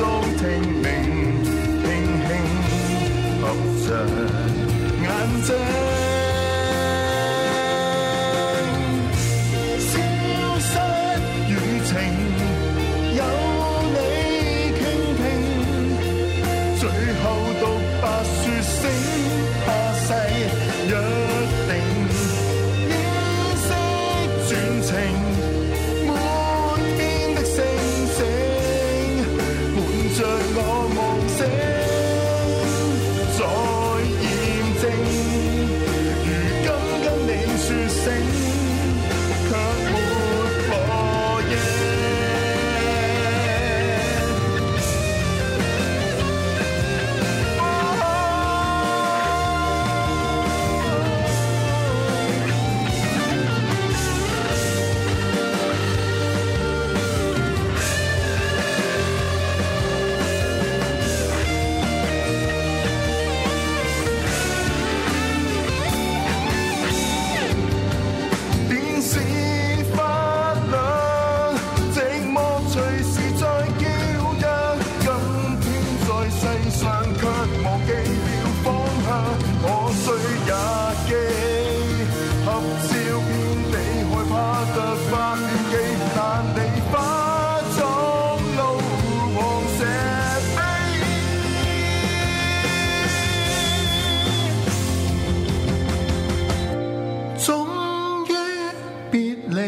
當聽明，輕輕合着眼睛。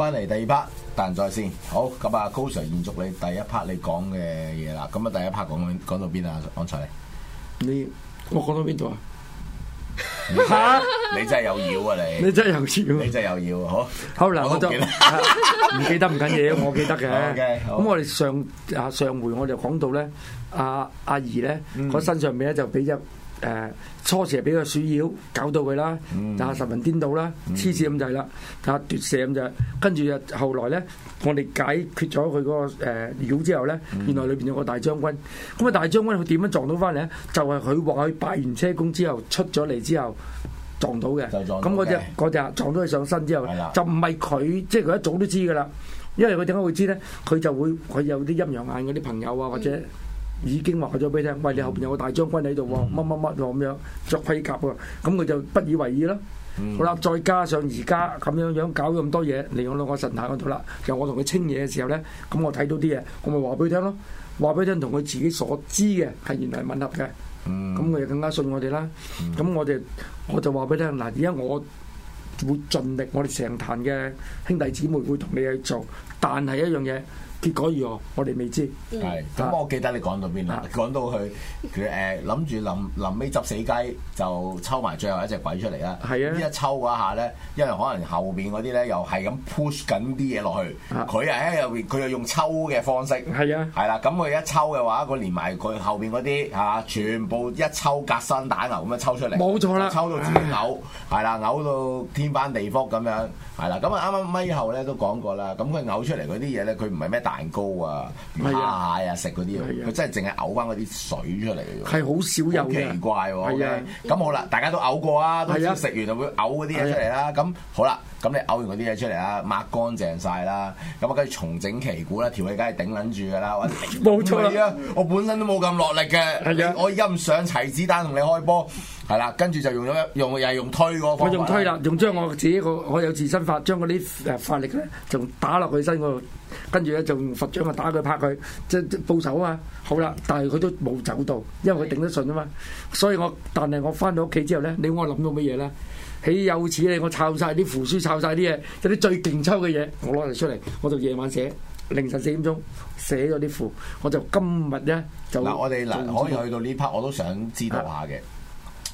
翻嚟第二 part，但再先好咁啊！高 Sir 延續你第一 part 你講嘅嘢啦，咁啊第一 part 講講到邊啊？安采妮你我講到邊度啊？吓你真係有妖啊！你 你真係有妖， 你真係有妖，好好啦好我就唔記得唔、啊、唔記得唔緊要，我記得嘅。咁、 okay, 好我哋上啊上回我哋講到咧，阿阿儀咧個身上面咧就俾一。誒，初時係俾個鼠妖搞到佢啦，就係、嗯嗯、神魂顛倒啦，黐線咁就係啦，啊奪舍咁就，跟住啊後來咧，我哋解決咗佢嗰個誒妖之後咧，嗯、原來裏邊有個大將軍。咁啊大將軍佢點樣撞到翻嚟咧？就係佢話佢拜完車公之後出咗嚟之後撞到嘅。咁嗰隻隻撞到佢、那個那個那個、上身之後，的就唔係佢，即係佢一早都知噶啦。因為佢點解會知咧？佢就會佢有啲陰陽眼嗰啲朋友啊，或者、嗯。已經話咗俾你聽，喂，你後邊有個大將軍喺度喎，乜乜乜喎咁樣，着盔甲喎，咁佢就不以為意咯。好啦，再加上而家咁樣樣搞咁多嘢嚟到我神壇嗰度啦。其實我同佢清嘢嘅時候咧，咁我睇到啲嘢，我咪話俾佢聽咯，話俾佢聽同佢自己所知嘅係原來吻合嘅，咁佢就更加信我哋啦。咁我哋我就話俾你聽嗱，而家我會盡力，我哋成壇嘅兄弟姊妹會同你去做，但係一樣嘢。.結果如何，我哋未知。係，咁我記得你講到邊啦？講、啊、到佢佢誒諗住臨臨尾執死雞，就抽埋最後一隻鬼出嚟啦。係啊，一抽嗰下咧，因為可能後邊嗰啲咧又係咁 push 緊啲嘢落去，佢係喺入邊，佢又用抽嘅方式。係啊，係啦、啊，咁佢一抽嘅話，佢連埋佢後邊嗰啲嚇，全部一抽隔山打牛咁樣抽出嚟。冇錯啦，抽到自己嘔，係啦唉、啊，嘔到天翻地覆咁樣。係啦，咁啊啱啱咪後咧都講過啦，咁佢嘔出嚟嗰啲嘢咧，佢唔係咩蛋糕啊、魚蝦蟹啊食嗰啲，佢真係淨係嘔翻嗰啲水出嚟嘅。係好少有奇怪喎、啊。咁的、嗯、好啦，大家都嘔過啊，都食完就會嘔嗰啲嘢出嚟啦。咁的好啦，咁你嘔完嗰啲嘢出嚟啦，抹乾淨晒啦，咁、哎、啊跟住重整旗鼓啦，條氣梗係頂撚住㗎啦。冇錯啦，我本身都冇咁落力嘅，的的我我欣賞齊子丹同你開波。係啦，跟住就用咗用又係用推嗰個方法。我用推啦，用將我自己個我,我有自身法，將嗰啲誒法力咧，就打落佢身嗰度。跟住咧，就用佛掌啊打佢拍佢，即係報仇啊。好啦，但係佢都冇走到，因為佢頂得順啊嘛。所以我但係我翻到屋企之後咧，你我諗到乜嘢咧？豈有此理，我抄晒啲符書，抄晒啲嘢，有啲最勁抽嘅嘢，我攞嚟出嚟。我就夜晚寫，凌晨四點鐘寫咗啲符，我就今日咧就嗱，我哋可以去到呢 part，我都想知道下嘅。啊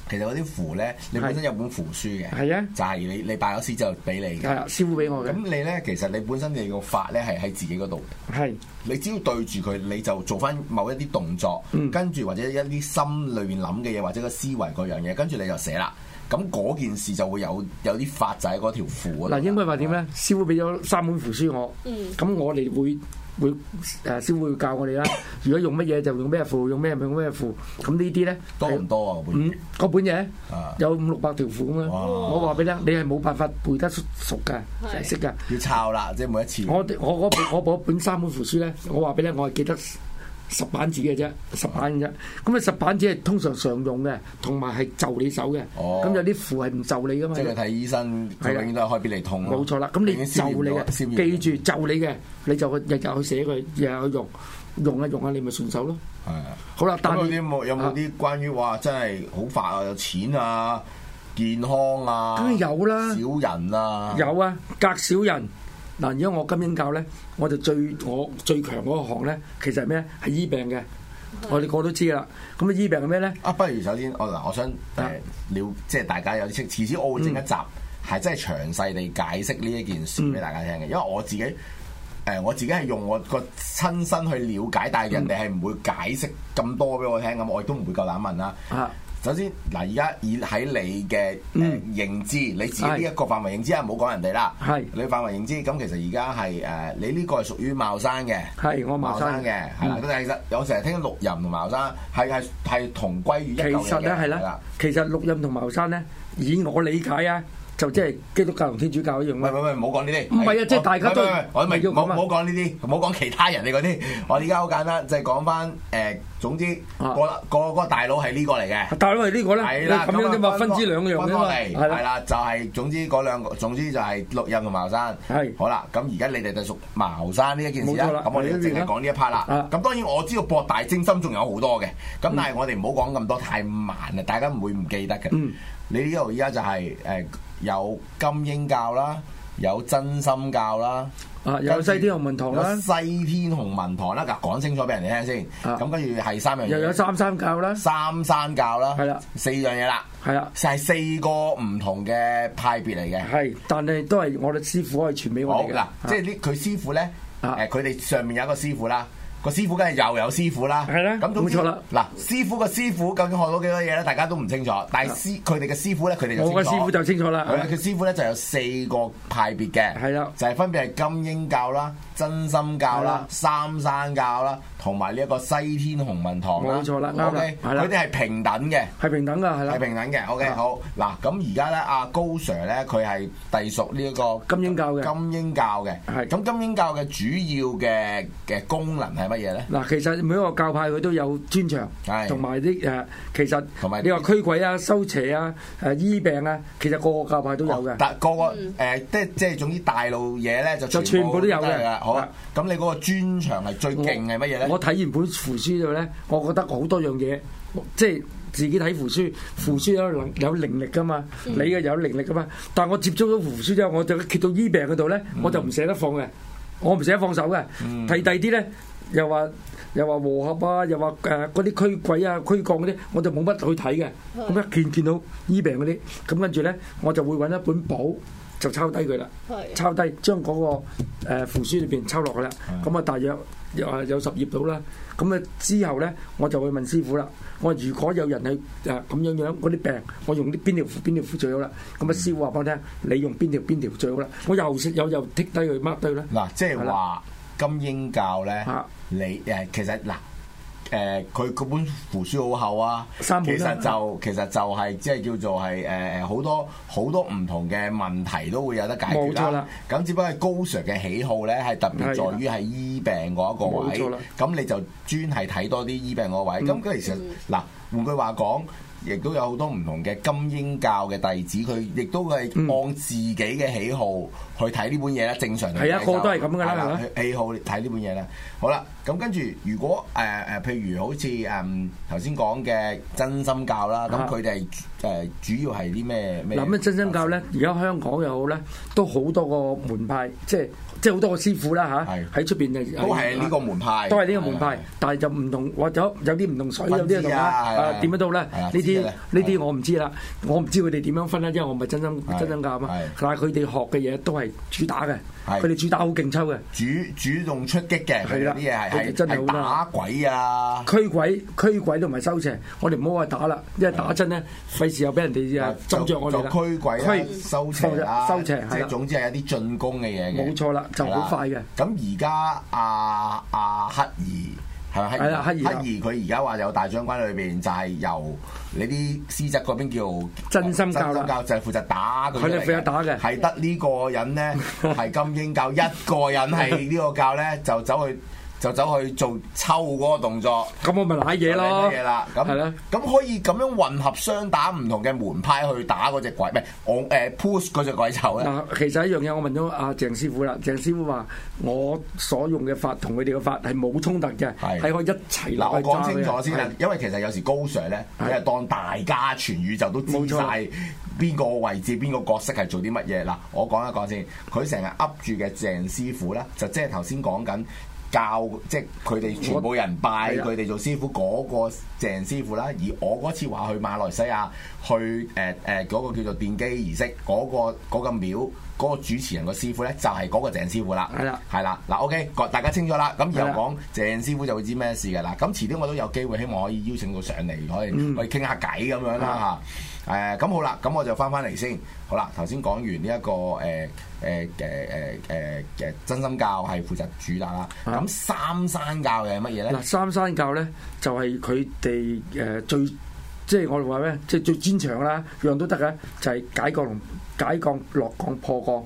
其實嗰啲符咧，你本身有本符書嘅，係啊的，就係你你拜咗師之後俾你嘅，師傅俾我嘅。咁你咧，其實你本身你個法咧係喺自己嗰度，係的。你只要對住佢，你就做翻某一啲動作，嗯、跟住或者一啲心裏面諗嘅嘢，或者個思維嗰樣嘢，跟住你就寫啦。咁嗰件事就會有有啲法就喺嗰條符嗰度嗱，應該話點咧？師傅俾咗三本符書我，咁、嗯、我哋會。會誒先、啊、會教我哋啦。如果用乜嘢就用咩符，用咩用咩符。咁呢啲咧多唔多啊？本嗰本嘢有五六百條符啊！哇 我話俾你聽，哇 你係冇辦法背得出熟㗎，係識㗎。的要抄啦，即、就、係、是、每一次。我我，我，我，我，我本三本符書咧，我話俾你，我係記得。十板紙嘅啫，十板嘅啫。咁啊，十板紙係通常常用嘅，同埋係就你手嘅。哦。咁有啲符係唔就你噶嘛。即係睇醫生，佢永遠都係開畀你痛。冇錯啦。咁你就你嘅，記住就你嘅，你就日日去寫佢，日日去用，用一用下，你咪順手咯。係啊。好啦，但係有冇啲關於話，真係好煩啊，有錢啊，健康啊，梗係有啦。少人啊，有啊，隔少人。嗱，如果我金英教咧，我就最我最強嗰個學咧，其實係咩？係醫病嘅，我哋個都知啦。咁啊，醫病係咩咧？啊，不如首先我嗱，我想誒了，即、呃、係是大家有啲識，遲啲我會整一集，係、嗯、真係詳細地解釋呢一件事俾大家聽嘅。嗯、因為我自己誒、呃，我自己係用我個親身去了解，但係人哋係唔會解釋咁多俾我聽，咁我亦都唔會夠膽問啦。啊。首先，嗱，而家以喺你嘅誒、嗯嗯、認知，你自己呢一個範圍認知啊，唔好講人哋啦。係你範圍認知，咁其實而家係，誒，你呢個係屬於茅山嘅。係，我茅山嘅，係。啦、啊。咁但係其實我成日聽六壬同茅山係係係同歸於一嚿嘢嘅。係啦，其實六壬同茅山咧，以我理解啊。就即係基督教同天主教一樣咯。唔，唔好講呢啲。唔係啊，即係大家都。唔好講呢啲，唔好講其他人嘅嗰啲。我哋而家好簡單，就係講翻誒，總之個大佬係呢個嚟嘅。大佬係呢個咧。係啦，咁樣就百分之兩樣啫嘛。係啦，就係總之嗰兩個，總之就係六壬同茅山。係。好啦，咁而家你哋就屬茅山呢一件事啦。咁我哋淨係講呢一 part 啦。咁當然我知道博大精深，仲有好多嘅。咁但係我哋唔好講咁多，太慢啦，大家會唔記得嘅。嗯。你呢度依家就係誒。有金英教啦，有真心教啦，啊，有西天紅文堂啦，西天紅文堂啦，嗱，講清楚俾人哋聽先，咁、啊、跟住係三樣嘢，又有三三教啦，三三教啦，係、啊、啦，四樣嘢啦，係啦，就係四個唔同嘅派別嚟嘅，係，但係都係我哋師傅可以傳俾我哋嘅，嗱的，啊、即係啲佢師傅咧，誒、啊，佢哋上面有一個師傅啦。個師傅梗係又有師傅啦，係啦，咁都冇錯啦。嗱，師傅個師傅究竟學到幾多嘢咧？大家都唔清楚。但係師佢哋嘅師傅咧，佢哋就清楚。師傅就清楚啦。佢嘅師傅咧就有四個派別嘅，係啦，就係分別係金英教啦、真心教啦、三山教啦，同埋呢一個西天弘文堂。冇錯啦，啱啦，係啦，佢哋係平等嘅，係平等嘅，係啦，係平等嘅。OK，好嗱，咁而家咧，阿高 Sir 咧，佢係隸屬呢一個金英教嘅，金英教嘅，係。咁金英教嘅主要嘅嘅功能係咩？嗱，其實每一個教派佢都有專長，同埋啲誒，其實你話驅鬼啊、收邪啊、誒醫病啊，其實個個教派都有嘅，哦。但個個誒、嗯呃，即係即係總之大路嘢咧，就全就全部都有嘅。好啊，咁的你嗰個專長係最勁係乜嘢咧？我睇完本符書之後咧，我覺得好多樣嘢，即係自己睇符書，符書有能有靈力噶嘛，嗯、你嘅有靈力噶嘛。但係我接觸咗符符書之後，我就揭到醫病嗰度咧，我就唔捨得放嘅，我唔捨得放手嘅。睇第二啲咧。又話又話和合啊，又話誒嗰啲驅鬼啊、驅降嗰、啊、啲，我就冇乜去睇嘅。咁一見見到醫病嗰啲，咁跟住咧，我就會揾一本簿就抄低佢啦。抄低將嗰個誒符書裏邊抄落去啦。咁啊，大約又係有十頁到啦。咁啊，之後咧我就會問師傅啦。我如果有人係誒咁樣樣嗰啲病，我用啲邊條符邊條符最好啦。咁啊，師傅話俾我聽，你用邊條邊條最好啦。我又又又剔低佢 mark 低佢啦。嗱、啊，即係話金英教咧。 你誒其實嗱誒佢本符書好厚啊，三幾其實就其實就係即係叫做係誒好多好多唔同嘅問題都會有得解決啦。咁錯只不過高 Sir 嘅喜好咧，係特別在於係醫病嗰一個位。咁錯你就專係睇多啲醫病嗰位。咁錯其實嗱換句話講，亦都有好多唔同嘅金英教嘅弟子，佢亦都係按自己嘅喜好。去睇呢本嘢啦，正常嘅係，個個都係咁嘅啦。喜好睇呢本嘢啦。好啦，咁跟住如果誒誒，譬如好似誒頭先講嘅金英教啦，咁佢哋誒主要係啲咩咩？嗱咁啊，金英教咧，而家香港又好咧，都好多個門派，即係即係好多個師傅啦嚇，喺出邊誒都係呢個門派，都係呢個門派，但係就唔同或者有啲唔同水，有啲唔同點樣都咧。呢啲呢啲我唔知啦，我唔知佢哋點樣分啦，因為我唔係金英金英教啊嘛，但係佢哋學嘅嘢都係。主打嘅，佢哋是 主打好勁抽嘅，主主動出擊嘅，嗰啲嘢係係真係打鬼，啊驅鬼，驅鬼驅鬼都唔係收邪，我哋唔好話打啦，因為打真咧費事又俾人哋啊捉着我哋啦，就驅鬼、啊、收邪、啊、收邪，即係、啊、是的 總之係有啲進攻嘅嘢冇錯啦，就好、是、快嘅。咁而家阿阿黑二。係啦，乞兒佢而家話有大將軍裏邊就係由、嗯、你啲師侄嗰邊叫真心、教、啊、真心教，就係、係、負責打佢哋。佢哋負責打嘅，係得呢個人咧係金英教 一個人係呢個教咧就走去。就走去做抽嗰個動作，咁我咪瀨嘢咯。瀨嘢啦，咁咁可以咁樣混合雙打唔同嘅門派去打嗰隻鬼，唔係我誒 push 嗰隻鬼走咧。嗱，其實一樣嘢，我問咗阿鄭師傅啦。鄭師傅話我所用嘅法同佢哋嘅法係冇衝突嘅，係可以一齊。嗱，我講清楚先啦，因為其實有時高 Sir 咧，佢係當大家全宇宙都知晒邊個位置、邊個角色係做啲乜嘢。嗱，我講一講先，佢成日噏住嘅鄭師傅咧，就即係頭先講緊。教即係佢哋全部人拜佢哋做師傅嗰我個鄭師傅啦，而我嗰次話去馬來西亞去誒誒嗰個叫做奠基儀式嗰個嗰個廟嗰個主持人個師傅呢，就係嗰個鄭師傅啦。係啦的，係啦。嗱，OK，大家清楚啦。咁以後講鄭師傅就會知咩事嘅啦。咁遲啲我都有機會希望可以邀請到上嚟，可以去傾下偈咁樣啦嚇。的誒咁、啊、好啦，咁我就翻翻嚟先。好啦，頭先講完呢、這、一個誒誒誒誒誒嘅真心教係負責主打啦。咁、啊、三山教嘅係乜嘢咧？嗱，三山教咧就係佢哋誒最，即係我哋話咩，即係最專長啦，樣都得嘅，就係、是、解降、解降、落降、破降。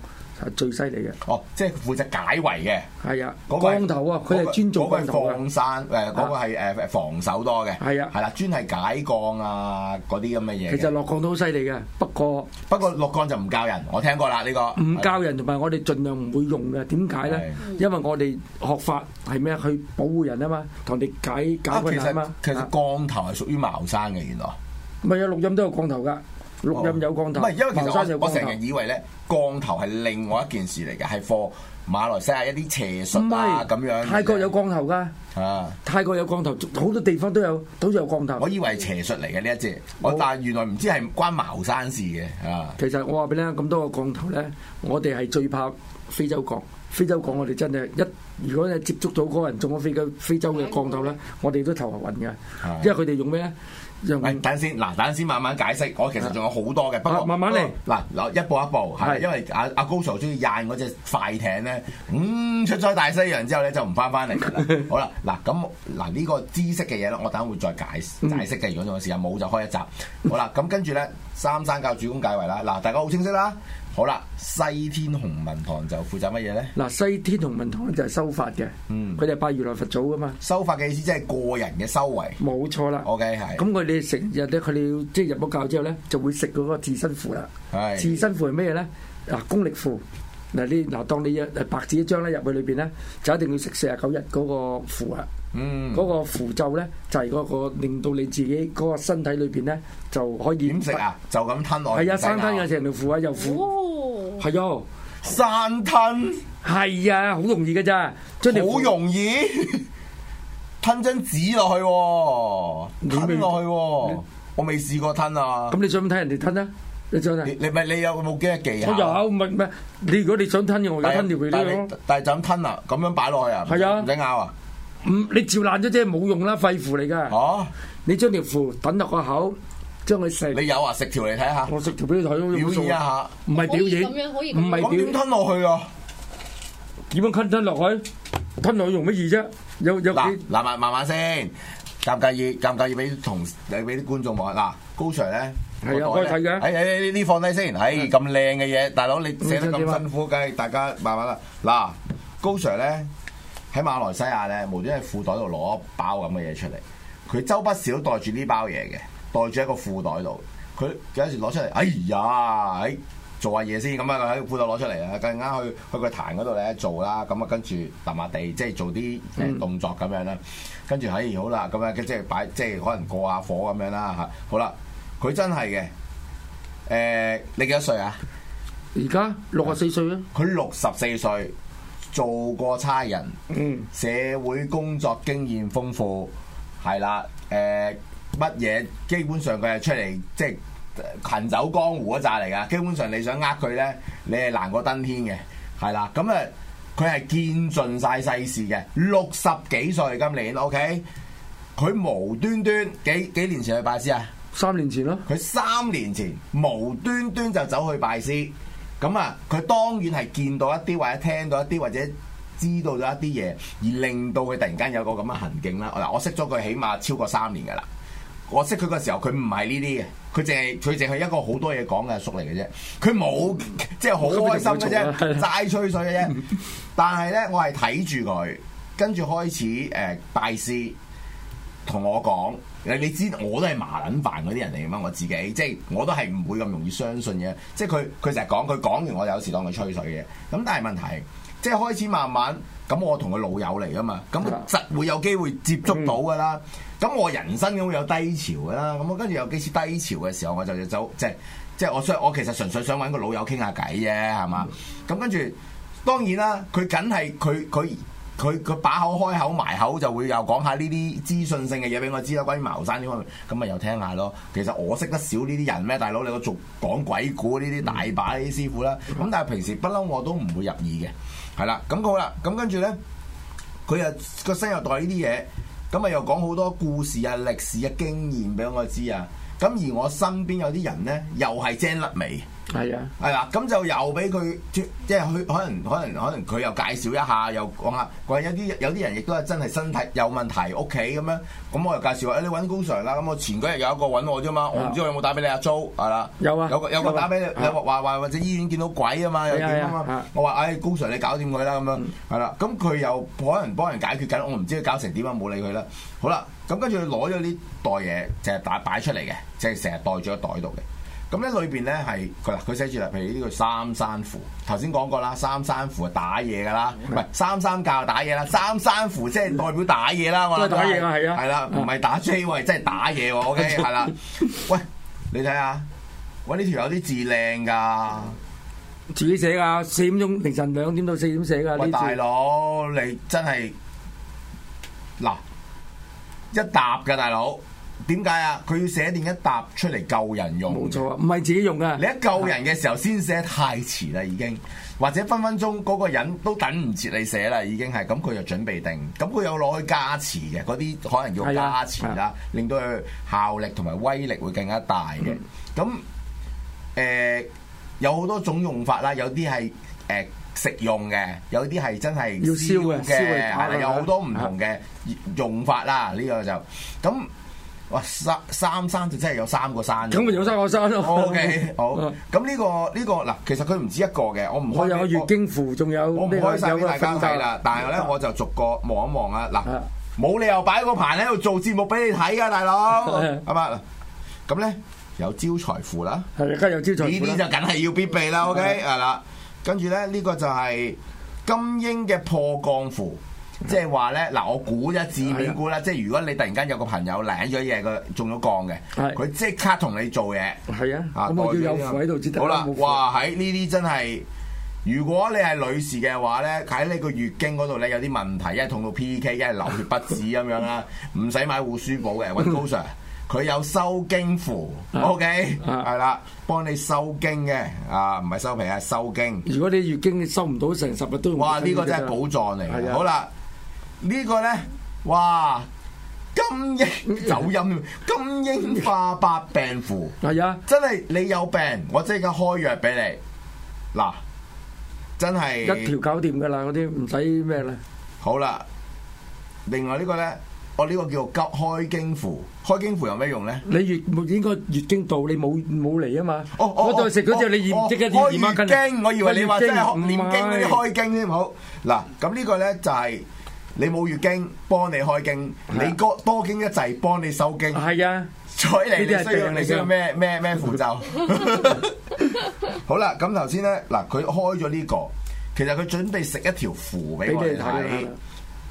最犀利嘅哦，即係負責解圍嘅。係啊，嗰個降頭啊，佢係專做防山，誒嗰個係防守多嘅。係啊，係啦，專係解降啊嗰啲咁嘅嘢。其實落降都好犀利嘅，不過不過落降就唔教人，我聽過啦呢個。唔教人同埋我哋盡量唔會用嘅。點解咧？因為我哋學法係咩？去保護人啊嘛，同你解解圍啊嘛。其實其實降頭係屬於茅山嘅，原來咪有錄音都有降頭㗎。錄音有降頭，唔係，因為其實我其實我成日以為咧，降頭係另外一件事嚟嘅，係貨馬來西亞一啲邪術啦咁樣。泰國有降頭噶，啊，泰國有降頭，好多地方都有，都有降頭。我以為邪術嚟嘅呢一隻，嗯、我但係原來唔知係關茅山事嘅啊。其實我話俾你聽，咁多個降頭咧，我哋係最怕非洲降。非洲降我哋真係一，如果你接觸到嗰個人中咗非、非洲非洲嘅降頭咧，我哋都頭暈嘅，嗯、因為佢哋用咩咧？嗯、等下先，嗱，等下先，慢慢解釋。我其實仲有好多嘅，不過慢慢嚟，嗱來，啊、一步一步。係是，因為阿阿高 Sir 中意踹嗰隻快艇咧，嗯，出咗大西洋之後咧就唔翻翻嚟。好啦，嗱，咁嗱呢個知識嘅嘢咧，我等下會再解解釋嘅。如果仲有時間冇就開一集。好啦，咁跟住咧，三三教主公解圍啦。嗱，大家好清晰啦。好啦，西天弘文堂就負責乜嘢咧？嗱，西天弘文堂咧就係修法嘅，嗯，佢哋拜如來佛祖噶嘛。修法嘅意思即係個人嘅修為，冇錯啦。O K 係。咁佢哋成日咧，佢哋即係入咗教之後咧，就會食嗰個自身符啦。係、嗯。自身符係咩嘢咧？嗱，功力符嗱啲嗱，當你白紙一張咧入去裏邊咧，就一定要食四啊九日嗰個符啊。嗰、嗯、個符咒咧，就係嗰個令到你自己嗰個身體裏邊咧就可以。點食啊？就咁吞落去。係啊，生吞啊，成條符啊，又符。係啊，散吞係啊，好容易嘅咋，好容易 吞張紙落去喎，沒吞落去喎，你我未試過吞啊。咁你想唔想睇人哋吞啊？你想啊？你咪你有冇幾多技巧？我有唔係？你如果你想吞嘅，我而家吞條俾你咯。但係就咁吞啊，咁樣擺落去啊？係的啊，唔使咬啊？唔，你嚼爛咗即係冇用啦，廢、啊、符嚟噶。哦，你將條符等落個口。將佢食，你有啊？食條嚟睇下。我食條俾你睇，表演一下。唔係表演，唔係表演。咁樣可以。我點吞落去啊？點樣吞吞落去？吞落去用乜嘢啫？有有嗱，慢慢慢先，介唔介意？介唔介意俾同你俾啲觀眾望？嗱，高 Sir 咧，係啊，可以睇嘅。哎哎，呢放低先。哎，咁靚嘅嘢，大佬你寫得咁辛苦，梗係大家慢慢啦。嗱，高 Sir 咧喺馬來西亞咧，無端喺褲袋度攞包咁嘅嘢出嚟，佢周不時袋住呢包嘢嘅。袋住喺個褲袋度，佢有時攞出嚟，哎呀，喺、哎、做下嘢先咁啊！喺個褲袋攞出嚟啊，陣間去去個壇嗰度咧做啦，咁啊跟住揼下地，即係做啲誒動作咁樣啦。跟住嘿好啦，咁啊即係擺，即係可能過下火咁樣啦嚇。好啦，佢真係嘅。誒、呃，你幾多歲啊？而家六十四歲啊！佢六十四歲，做過差人，嗯、社會工作經驗豐富，係啦，誒、呃。呃乜嘢？基本上佢係出嚟即係行走江湖嗰扎嚟噶。基本上你想呃佢呢，你係難過登天嘅，係啦。咁啊，佢係見盡晒世事嘅。六十幾歲今年，OK。佢無端端幾幾年前去拜師啊？三年前咯。佢三年前無端端就走去拜師。咁啊，佢當然係見到一啲或者聽到一啲或者知道咗一啲嘢，而令到佢突然間有個咁嘅行徑啦。嗱，我識咗佢起碼超過三年噶啦。我識佢嘅時候，佢唔係呢啲嘅，佢淨係佢淨係一個好多嘢講嘅叔嚟嘅啫，佢冇即係好開心嘅啫，齋 吹水嘅啫。但係咧，我係睇住佢，跟住開始誒、呃、大師同我講，你你知我都係麻捻煩嗰啲人嚟嘅嘛，我自己即係、就是、我都係唔會咁容易相信嘅，即係佢佢成日講，佢講完我有時當佢吹水嘅，咁但係問題。即係開始慢慢，咁我同佢老友嚟噶嘛，咁實會有機會接觸到噶啦。咁我人生咁會有低潮噶啦，咁我跟住有幾次低潮嘅時候，我就要走，即係即係我想，我其實純粹想揾個老友傾下偈啫，係嘛？咁跟住當然啦，佢梗係佢佢佢佢把口開口埋口就會又講下呢啲資訊性嘅嘢俾我知啦，關於茅山呢方面，咁咪又聽下咯。其實我識得少呢啲人咩，大佬你個做講鬼故呢啲大把呢啲師傅啦，咁但係平時不嬲我都唔會入耳嘅。係啦，咁好啦，咁跟住呢，佢又個新時代呢啲嘢。咁啊又講好多故事啊、歷史嘅經驗俾我知啊，咁而我身邊有啲人呢，又係精甩尾。 係啊，係啦，咁就又俾佢即係去，可能可能可能佢又介紹一下，又講下，講有啲有啲人亦都係真係身體有問題，屋企咁樣，咁我又介紹話誒，你揾高 Sir 啦。咁我前嗰日有一個揾我啫嘛，我唔知我有冇打俾你阿 Jo，係啦，有啊，有個有個打俾你，話話或者醫院見到鬼啊嘛，有啲啊嘛，我話誒高 Sir，你搞掂佢啦咁樣，係啦，咁佢又可能幫人解決緊，我唔知佢搞成點啊，冇理佢啦。好啦，咁跟住佢攞咗呢袋嘢，就係打擺出嚟嘅，即係成日袋住一袋度嘅。咁咧裏邊咧係佢啦，佢寫住啦，譬如呢個三山符，頭先講過啦，三山符係打嘢㗎啦，唔係的三山教打嘢啦，三山符即係代表打嘢啦，的我係打嘢啊，係啊的，係啦，唔係打 J 喎的，係真係打嘢喎，OK，係啦，喂，你睇下，喂呢條有啲字靚㗎，自己寫㗎，四點鐘凌晨兩點到四點寫㗎。喂，次喂，大佬，你真係嗱一沓㗎，大佬。大佬點解啊？佢要寫定一疊出嚟救人用？冇錯啊，唔係自己用㗎。你一救人嘅時候先是的 寫，太遲啦已經。或者分分鐘嗰個人都等唔切你寫啦已經係。咁佢就準備定。咁佢有攞去加持嘅嗰啲，可能要加持啦，令到佢效力同埋威力會更加大嘅。咁誒、呃、有好多種用法啦，有啲係誒食用嘅，有啲係真係要燒嘅，係啦，有好多唔同嘅用法啦。呢個是的 的就咁。哇，三三三就真係有三個山嘅。咁咪有三個山咯。O K，好。咁呢個呢個嗱，其實佢唔止一個嘅，我唔。我有月經符，仲有。我唔開曬俾大家睇啦，但係咧我就逐個望一望啊。嗱，冇理由擺個盤喺度做節目俾你睇㗎，大佬。咁啊，咁咧有招財符啦。係啊，跟住有招財。呢啲就梗係要必備啦。O K，係啦。跟住咧，呢個就係金英嘅破降符。即係話咧，嗱我估一字面估啦，即係如果你突然間有個朋友領咗嘢，佢中咗降嘅，佢即刻同你做嘢。係啊，咁我要有符喺度先得。好啦，哇喺呢啲真係，如果你係女士嘅話咧，喺你個月經嗰度咧有啲問題，一係痛到 P K，一係流血不止咁樣啦，唔使買護舒寶嘅，揾高 Sir，佢有收經符，OK，係啦，幫你收經嘅，啊唔係收皮啊，收經。如果你月經你收唔到成十日都，哇呢個真係寶藏嚟嘅。好啦。呢個咧，哇！金英有音，金英化百病符係啊，真係你有病，我即刻開藥俾你。嗱，真係一條搞掂噶啦，嗰啲唔使咩啦。好啦，另外呢個咧，我呢個叫急開經符，開經符有咩用咧？你月應該月經到，你冇冇嚟啊嘛？哦我再食嗰隻，你二億嘅二我以為你話即係五萬斤嗰啲開經先好。嗱，咁呢個咧就係。你冇月經，幫你開經，你過多經一劑，幫你收經。係啊，再嚟，你需要咩咩咩符咒？好啦，咁頭先咧，嗱，佢開咗呢個，其實佢準備食一條符俾我哋睇，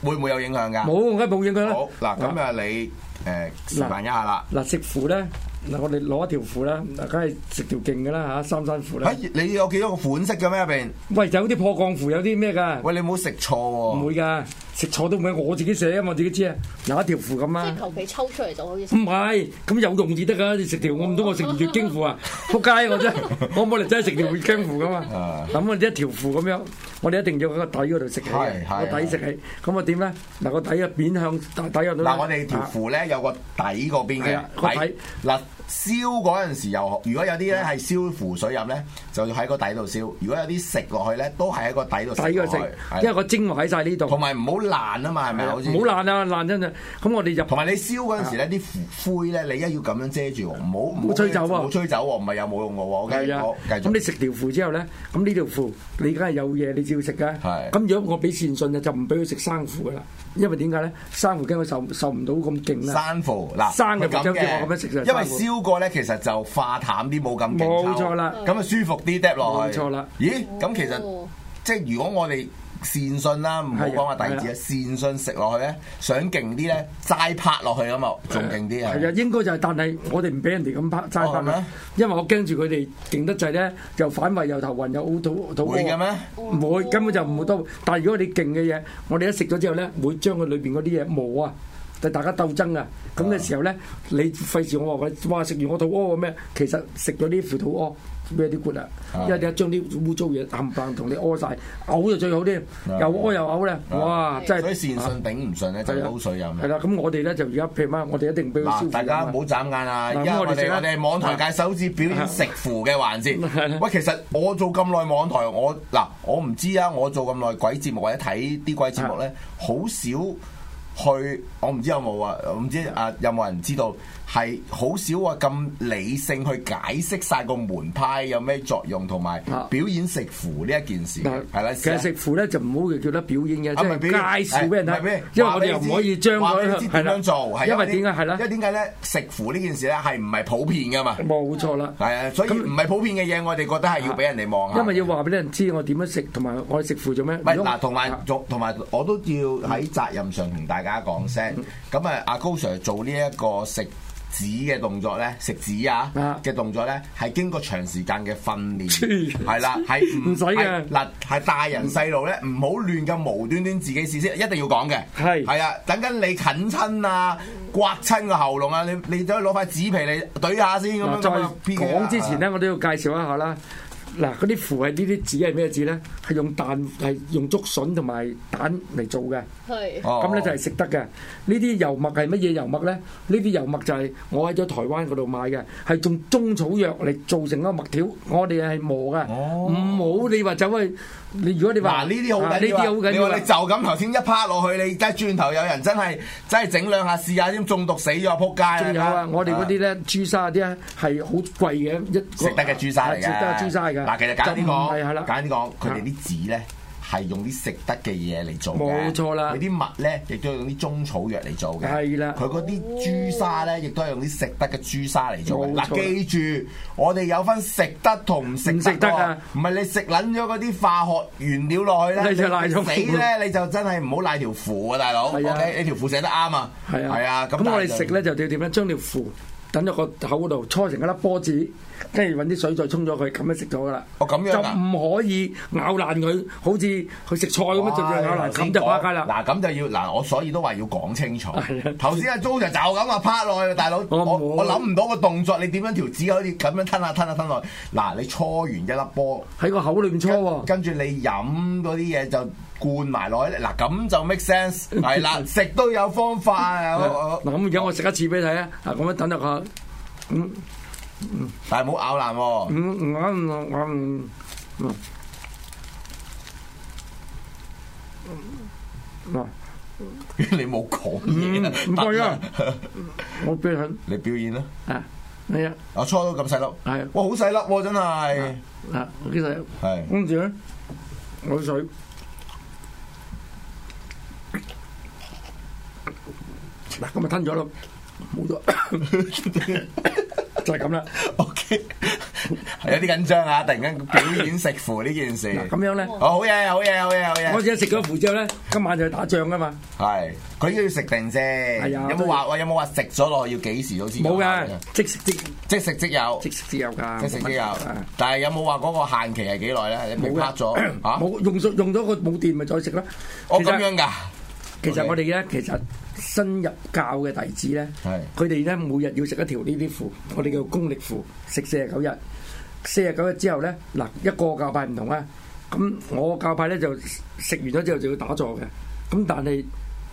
會唔會有影響噶？冇，梗係冇影響啦。好嗱，咁啊，你誒示範一下啦。嗱食符咧，嗱我哋攞一條符啦，梗係食條勁噶啦吓，三三符啦。哎，你有幾多個款式噶咩？入邊？喂，有啲破降符，有啲咩噶？喂，你唔好食錯喎。唔會噶。食錯都唔係我自己寫啊！我自己知啊，有一條符咁啊。即係求其抽出嚟就可以食。唔係，咁有用易得㗎？你食條我唔通我食條月經符啊？撲街我真，我冇理由真係食條月經符㗎嘛？咁我一條符咁樣，我哋一定要喺個底嗰度食嘅。個底食起，咁啊點咧？嗱個底入邊向底入。嗱我哋條符咧有個底嗰邊嘅底。嗱燒嗰陣時又，如果有啲咧係燒符水飲咧，就要喺個底度燒。如果有啲食落去咧，都係喺個底度食落去。因為個精喺晒呢度。同埋唔好。爛啊嘛，係咪啊？唔好爛啊！爛真係咁，我哋就！同埋你燒嗰陣時咧，啲灰咧，你一要咁樣遮住喎，唔好唔好吹走啊！唔好吹走喎，唔係有冇用喎。係繼續。咁你食條腐之後咧，咁呢條腐你梗係有嘢，你照食㗎。係。咁如果我俾善信，就唔俾佢食生腐㗎啦。因為點解咧？生腐驚佢受受唔到咁勁咧。生腐嗱，生嘅咁嘅。因為燒過咧，其實就化淡啲，冇咁勁。冇錯啦。咁啊，舒服啲掉落去。冇錯啦。咦？咁其實即係如果我哋。善信啦、啊，唔好講話弟子啊，啊善信食落去咧，想勁啲咧，齋拍落去吖嘛，仲勁啲啊！係啊，應該就係、係，但係我哋唔俾人哋咁拍齋拍嘅，哦、因為我驚住佢哋勁得滯咧，又反胃又頭暈又好肚屙嘅咩？唔會，會，哦、根本就唔會多。但係如果你勁嘅嘢，我哋一食咗之後咧，會將佢裏邊嗰啲嘢冇啊，就大家鬥爭啊。咁嘅、哦、時候咧，你費事我話佢，哇食完我肚屙咁咩？其實食咗啲副肚屙。咩啲骨啦，因為你一將啲污糟嘢冚唪唥同你屙晒，嘔就最好啲，又屙又嘔咧，哇！的真係是所以善信頂唔順咧，就係口水飲。係啦，咁我哋咧就而家譬如咩，我哋一定俾。嗱，大家唔好眨眼啊！而家我哋我哋網台界首次表演食符嘅環節。係啦。喂，其實我做咁耐網台，我嗱我唔知啊，我做咁耐鬼節目或者睇啲鬼節目咧，好的少去。我唔知有冇啊？我唔知啊，我唔知有冇人知道？係好少話咁理性去解釋晒個門派有咩作用同埋表演食符呢一件事，係啦，其實食符咧就唔好叫得表演嘅，即係介紹俾人睇。因為我哋又唔可以將嗰啲係啦做，因為點解係啦？因為點解咧食符呢件事咧係唔係普遍嘅嘛？冇錯啦。係啊，所以唔係普遍嘅嘢，我哋覺得係要俾人哋望。因為要話俾人知我點樣食同埋我哋食符做咩？嗱，同埋同埋我都要喺責任上同大家講聲。咁啊，阿高 Sir 做呢一個食紙嘅動作咧，食紙啊嘅動作咧，係經過長時間嘅訓練，係啦 不，係唔使嘅。嗱，係大人細路咧唔好亂咁無端端自己試先，一定要講嘅，係係是 啊，等緊你啃親啊，刮親個喉嚨啊，你你走去攞塊紙皮嚟對下先。咁樣再講之前咧， 我都要介紹一下啦。嗱，嗰啲符係呢啲字係咩字咧？係用蛋係用竹筍同埋蛋嚟做嘅，係，咁咧就係食得嘅。呢啲油墨係乜嘢油墨咧？呢啲油墨就係我喺咗台灣嗰度買嘅，係用中草藥嚟做成一個墨條。我哋係磨嘅，唔好你話走去。你如果你話，嗱呢啲好緊要，呢啲好緊要。你話你就咁頭先一趴落去，你而家轉頭有人真係真係整兩下試下，點中毒死咗，仆街啦！仲有啊，我哋嗰啲咧硃砂嗰啲咧係好貴嘅，一食得嘅硃砂嚟嘅。食得硃砂嘅。嗱，其實簡單啲講，簡單啲講，佢哋啲紙咧係用啲食得嘅嘢嚟做嘅，冇錯啦。佢啲墨咧亦都用啲中草藥嚟做嘅，係啦。佢嗰啲朱砂咧亦都係用啲食得嘅朱砂嚟做嘅，冇錯。嗱，記住，我哋有分食得同唔食得㗎，唔係你食撚咗嗰啲化學原料落去咧，你就瀨咗死咧，你就真係唔好瀨條褲啊，大佬。係啊，呢條褲寫得啱啊，係啊，係啊。咁我哋食咧就要點樣將條褲？等咗個口度搓成一粒波子，跟住揾啲水再沖咗佢，咁樣食咗噶啦。哦，咁樣、啊、就唔可以咬爛佢，好似佢食菜咁哇樣做嘅。咬爛，咁剛才 就啦。嗱、啊，咁就要嗱、啊，我所以都話要講清楚。頭先阿 Jo 就就咁話啪落去，大佬，啊、我我諗唔到個動作，你點樣條紙可以咁樣吞下吞下吞下吞落去？嗱、啊，你搓完一粒波，喺個口裏面搓喎、啊。跟住你飲嗰啲嘢就。灌埋落去嗱，咁就 make sense。係啦，食都有方法啊。嗱，咁而家我食一次俾你睇啊。咁啊，等下啊，但係唔好咬爛喎。你冇講嘢啊？唔該啊，我表演。你表演啊，係啊。我初都咁細粒。係。哇，好細粒喎，真係。啊，好細粒。係。拎住咧，攞水。嗱咁咪吞咗咯，冇咗，就係咁啦。OK，有啲緊張啊！突然間表演食符呢件事。嗱咁樣咧，哦好嘢，好嘢，好嘢，好嘢。我哋一食咗符之後咧，今晚就去打仗噶嘛。係，佢都要食定先。係啊。有冇話有冇話食咗落去要幾時到先？冇噶，即食即即食即有，即食即有噶。即食即有，但係有冇話嗰個限期係幾耐咧？冇啦咗吓，冇用用咗個冇電咪再食啦。我咁樣噶，其實我哋而家其實。新入教嘅弟子咧，佢哋咧每日要食一條呢啲符，我哋叫功力符，食四十九日。四十九日之後咧，嗱，一個教派唔同啊。咁我教派咧就食完咗之後就要打坐嘅。咁但係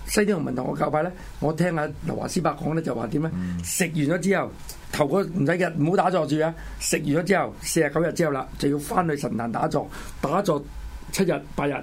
西天龍文同我教派咧，我聽阿劉華師伯講咧就話點咧？食、嗯、完咗之後頭個唔使日唔好打坐住啊！食完咗之後四十九日之後啦，就要翻去神壇打坐，打坐七日八日。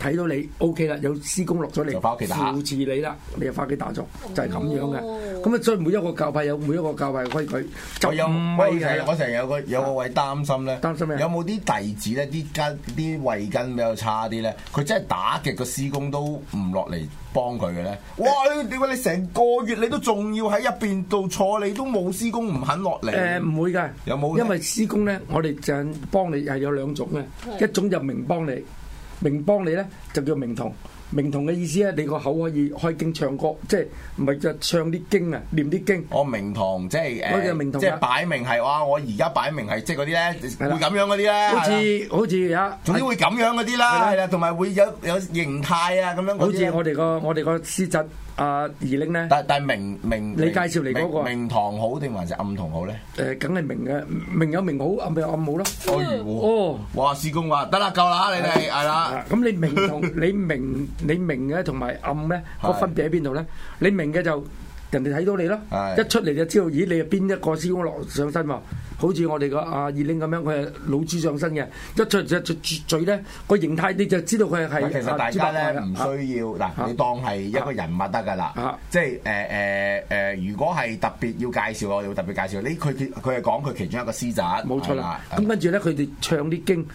睇到你 O K 啦，有師公落咗嚟就返屋企扶持你啦，你又返屋企打坐，就係、是、咁樣嘅。咁啊、哦，所以每一個教派有每一個教派嘅規矩，就唔威嘅。我成日有個有個位擔心咧，擔心咩？有冇啲弟子咧？啲家啲慧根比較差啲咧，佢真係打極個師公都唔落嚟幫佢嘅咧。哇！點解你成個月你都仲要喺入邊度坐，你都冇師公唔肯落嚟？誒唔會嘅，有冇？因為師公咧，我哋就係幫你係有兩種嘅，一種就明幫你。 明幫你咧就叫明童，明童嘅意思咧，你個口可以開經唱歌，即係唔係就唱啲經啊，念啲經。我明堂，明即係誒，即係擺明係哇！我而家擺明係即係嗰啲咧會咁樣嗰啲咧，好似好似啊，總之會咁樣嗰啲啦，係啦，同埋會有有形態啊咁樣。好似我哋個、嗯、我哋個師侄。阿二令咧，但但明明你介紹嚟嗰個明堂好定還是暗堂好咧？誒，梗係明嘅，明有明好，暗咪暗好咯。愛如湖哦，哇！師公話得啦，夠啦，你哋係啦。咁你明同你明你明嘅同埋暗咧個分別喺邊度咧？你明嘅就。人哋睇到你咯，是的 一出嚟就知道，咦，你係邊一個師公落上身喎、啊？好似我哋個阿二僆咁樣，佢係老豬上身嘅。一出一出罪咧，個形態你就知道佢係。其實大家咧唔需要，嗱、啊，你當係一個人物得㗎喇，啊、即係誒誒誒，如果係特別要介紹，我哋會特別介紹。你佢佢係講佢其中一個師侄，冇錯啦。咁跟住咧，佢哋唱啲經。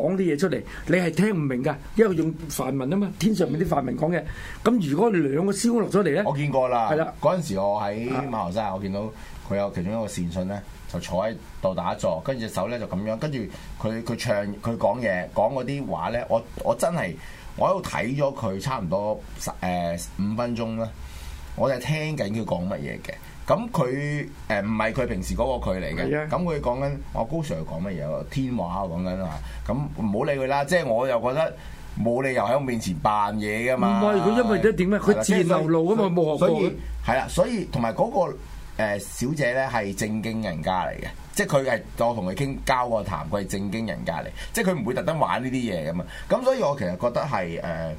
講啲嘢出嚟，你係聽唔明噶，因為用梵文啊嘛，天上面啲梵文講嘢！咁如果兩個師公落咗嚟咧，我見過啦，係啦的，嗰陣時我喺馬頭山，我見到佢有其中一個善信咧，就坐喺度打坐，跟住隻手咧就咁樣，跟住佢佢唱佢講嘢，講嗰啲話咧，我我真係我喺度睇咗佢差唔多誒五分鐘啦，我就係聽緊佢講乜嘢嘅。咁佢誒唔係佢平時嗰個佢嚟嘅，咁佢講緊，我高 sir 講乜嘢？天話我講緊嘛。咁唔好理佢啦。即係我又覺得冇理由喺我面前扮嘢噶嘛。唔係佢因為得點咧？佢的自然流露啊嘛，冇學過。係啦以以，所以同埋嗰個小姐咧係正經人家嚟嘅，即係佢係我同佢傾交個談，佢係正經人家嚟，即係佢唔會特登玩呢啲嘢噶嘛。咁所以我其實覺得係誒。呃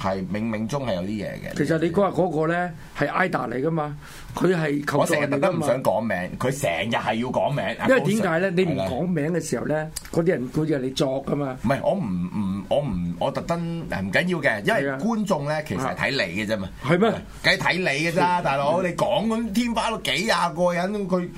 係冥冥中係有啲嘢嘅。其實你估下嗰個咧係 IDA 嚟噶嘛，佢係求助人嚟㗎嘛。我成日特登唔想講名，佢成日係要講名。因為點解咧？你唔講名嘅時候咧，嗰啲人估住係你作㗎嘛。唔係我唔唔我唔我特登嗱唔緊要嘅，因為觀眾咧其實係睇你嘅啫嘛。係咩？梗係睇你嘅咋，大佬你講咁天花都幾廿個人佢。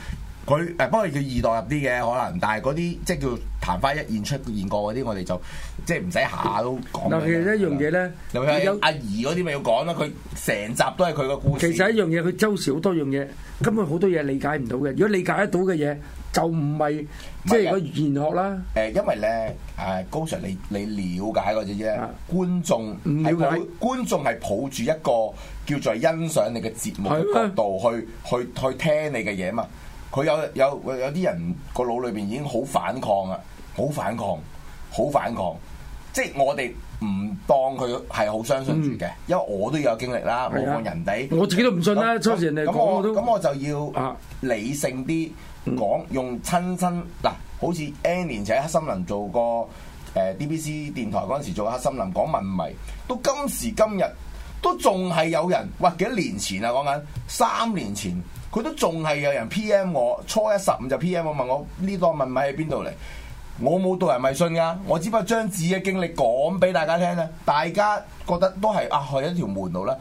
佢誒，不過佢二代入啲嘅可能，但係嗰啲即係叫曇花一現出現過嗰啲，我哋就即係唔使下都講。尤其一樣嘢咧，吧尤其呢阿怡嗰啲咪要講啦，佢成集都係佢嘅故事。其實一樣嘢，佢周時好多樣嘢，根本好多嘢理解唔到嘅。如果理解得到嘅嘢，就唔係是即係果玄學啦。誒，因為咧誒，高 Sir，你你瞭解嗰隻啫，觀眾係觀眾抱住一個叫做欣賞你嘅節目嘅角度嗎去去去聽你嘅嘢嘛。佢有有有啲人個腦裏邊已經好反抗啊，好反抗，好反抗，即係我哋唔當佢係好相信住嘅，嗯、因為我都有經歷啦，冇望的人哋，我自己都唔信啦。當那時你哋講，咁我，都我就要理性啲講，用親身嗱，好似 N 年前喺黑森林做過誒 DBC 電台嗰陣時做黑森林講聞迷，到今時今日都仲係有人，喂，幾多年前啊，講緊三年前。佢都仲係有人 PM 我，初一十五就 PM 我，問我呢檔問米喺邊度嚟？我冇導人迷信㗎，我只不過將自己嘅經歷講俾大家聽啦。大家覺得都係啊，係一條門路啦。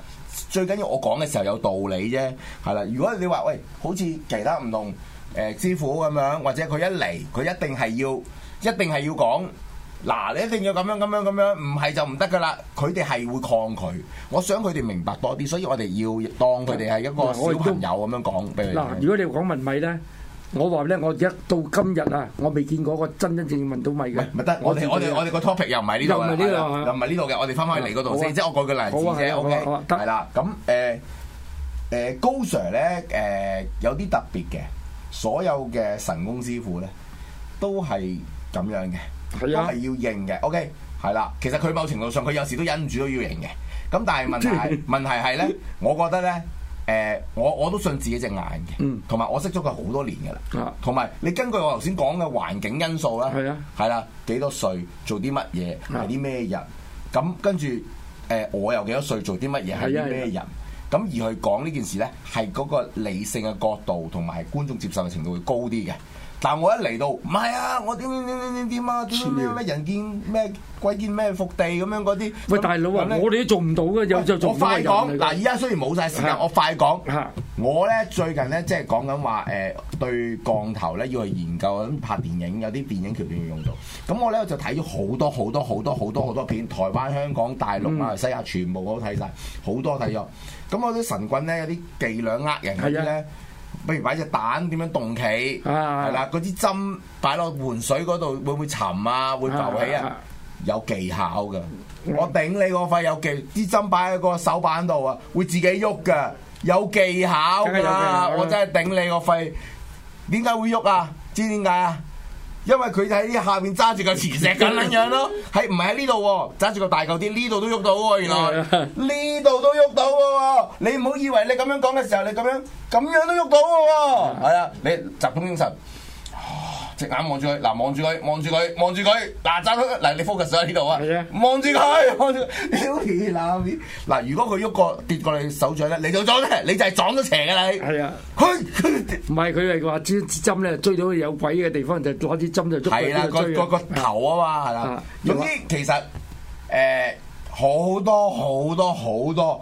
最緊要我講嘅時候有道理啫，係啦。如果你話喂，好似其他唔同誒師傅咁樣，或者佢一嚟，佢一定係要，一定係要講。嗱，你一定要咁樣咁樣咁樣，唔係就唔得噶啦！佢哋係會抗拒，我想佢哋明白多啲，所以我哋要當佢哋係一個小朋友咁樣講。嗱，如果你講問米咧，我話咧，我一到今日啊，我未見過個真真正正問到米嘅。唔得，我哋我哋我哋個 topic 又唔係呢度嘅，又唔係呢度嘅，我哋翻返嚟嗰度先。即係我舉個例子啫，OK，係啦。咁誒誒高 Sir 咧誒有啲特別嘅，所有嘅神功師傅咧都係咁樣嘅。係啊，係要認嘅，OK，係啦。其實佢某程度上佢有時都忍唔住都要認嘅。咁但係問題係，問題係咧，我覺得咧，誒，我我都信自己隻眼嘅，嗯，同埋我識咗佢好多年噶啦，啊，同埋你根據我頭先講嘅環境因素啦，係啊，係啦，幾多歲做啲乜嘢，係啲咩人，咁跟住誒，我又幾多歲做啲乜嘢，係啲咩人，咁而去講呢件事咧，係嗰個理性嘅角度同埋觀眾接受嘅程度會高啲嘅。但係我一嚟到，唔係啊！我點點點點點點啊，點點咩人見咩鬼見咩伏地咁樣嗰啲。喂，大佬啊，我哋都做唔到嘅。有就我快講嗱，而家雖然冇晒時間，是的 我快講。是的 我咧最近咧即係講緊話誒，對降頭咧要去研究咁，拍電影，有啲電影橋段要用到。咁我咧就睇咗好多好多好多好多好多好多片，台灣、香港、大陸啊、馬來西亞全部都睇晒，好、嗯、多睇咗。咁我啲神棍咧有啲伎倆呃人嗰咧。不如擺隻蛋點樣動企？係啦 Yeah, yeah.，嗰啲針擺落換水嗰度會唔會沉啊？會浮起啊？有技巧噶。我頂你個肺有技巧，啲針擺喺個手板度啊，會自己喐噶，有技巧噶 Yeah, yeah. 我真係頂你個肺，點解會喐啊？知唔知點解啊？因為佢喺下面揸住個磁石咁樣樣咯，係唔係喺呢度喎，揸住個大嚿啲呢度都喐到喎、哦，原來呢度 都喐到嘅、哦、喎，你唔好以為你咁樣講嘅時候你咁樣咁樣都喐到嘅、哦、喎，係 啊，你集中精神。隻眼望住佢，嗱望住佢，望住佢，望住佢，嗱揸佢，嗱你 focus 喺呢度啊，望住佢，嗱嗱， 如果佢喐過跌過你手掌咧，嚟到咗咧，你就係撞咗邪嘅你，係啊，唔係佢係話將支針咧追到有鬼嘅地方，就攞支針就係啦，啊嗰個個、啊、個頭啊嘛，係啦、啊，如果 總之其實誒好、呃、多好多好多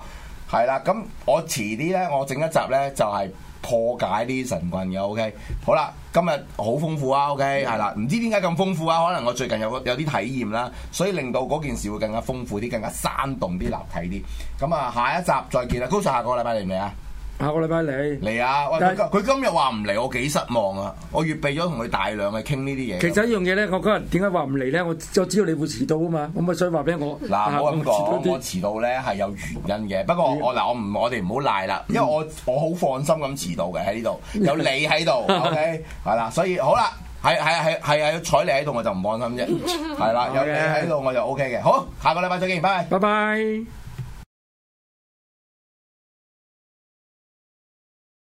係啦，咁、啊、我遲啲咧，我整一集咧就係破解啲神棍嘅，OK，好啦、啊。今日好豐富啊，OK，係啦、嗯，唔知點解咁豐富啊？可能我最近有有啲體驗啦，所以令到嗰件事會更加豐富啲、更加生動啲、立體啲。咁啊，下一集再見啦，高 Sir，下個禮拜嚟未啊？下個禮拜嚟嚟啊！但係佢今日話唔嚟，我幾失望啊！我預備咗同佢大量去傾呢啲嘢。其實一樣嘢咧，我今日點解話唔嚟咧？我我知道你會遲到啊嘛，我咪所以話俾我嗱，冇咁講，啊、我遲到咧係有原因嘅。不過我嗱，我唔我哋唔好賴啦，因為我我好放心咁遲到嘅喺呢度，有你喺度，OK 係啦。所以好啦，係係係係係要睬你喺度，我就唔放心啫。係啦，有你喺度我就 OK 嘅。好，下個禮拜再見，拜拜，拜拜。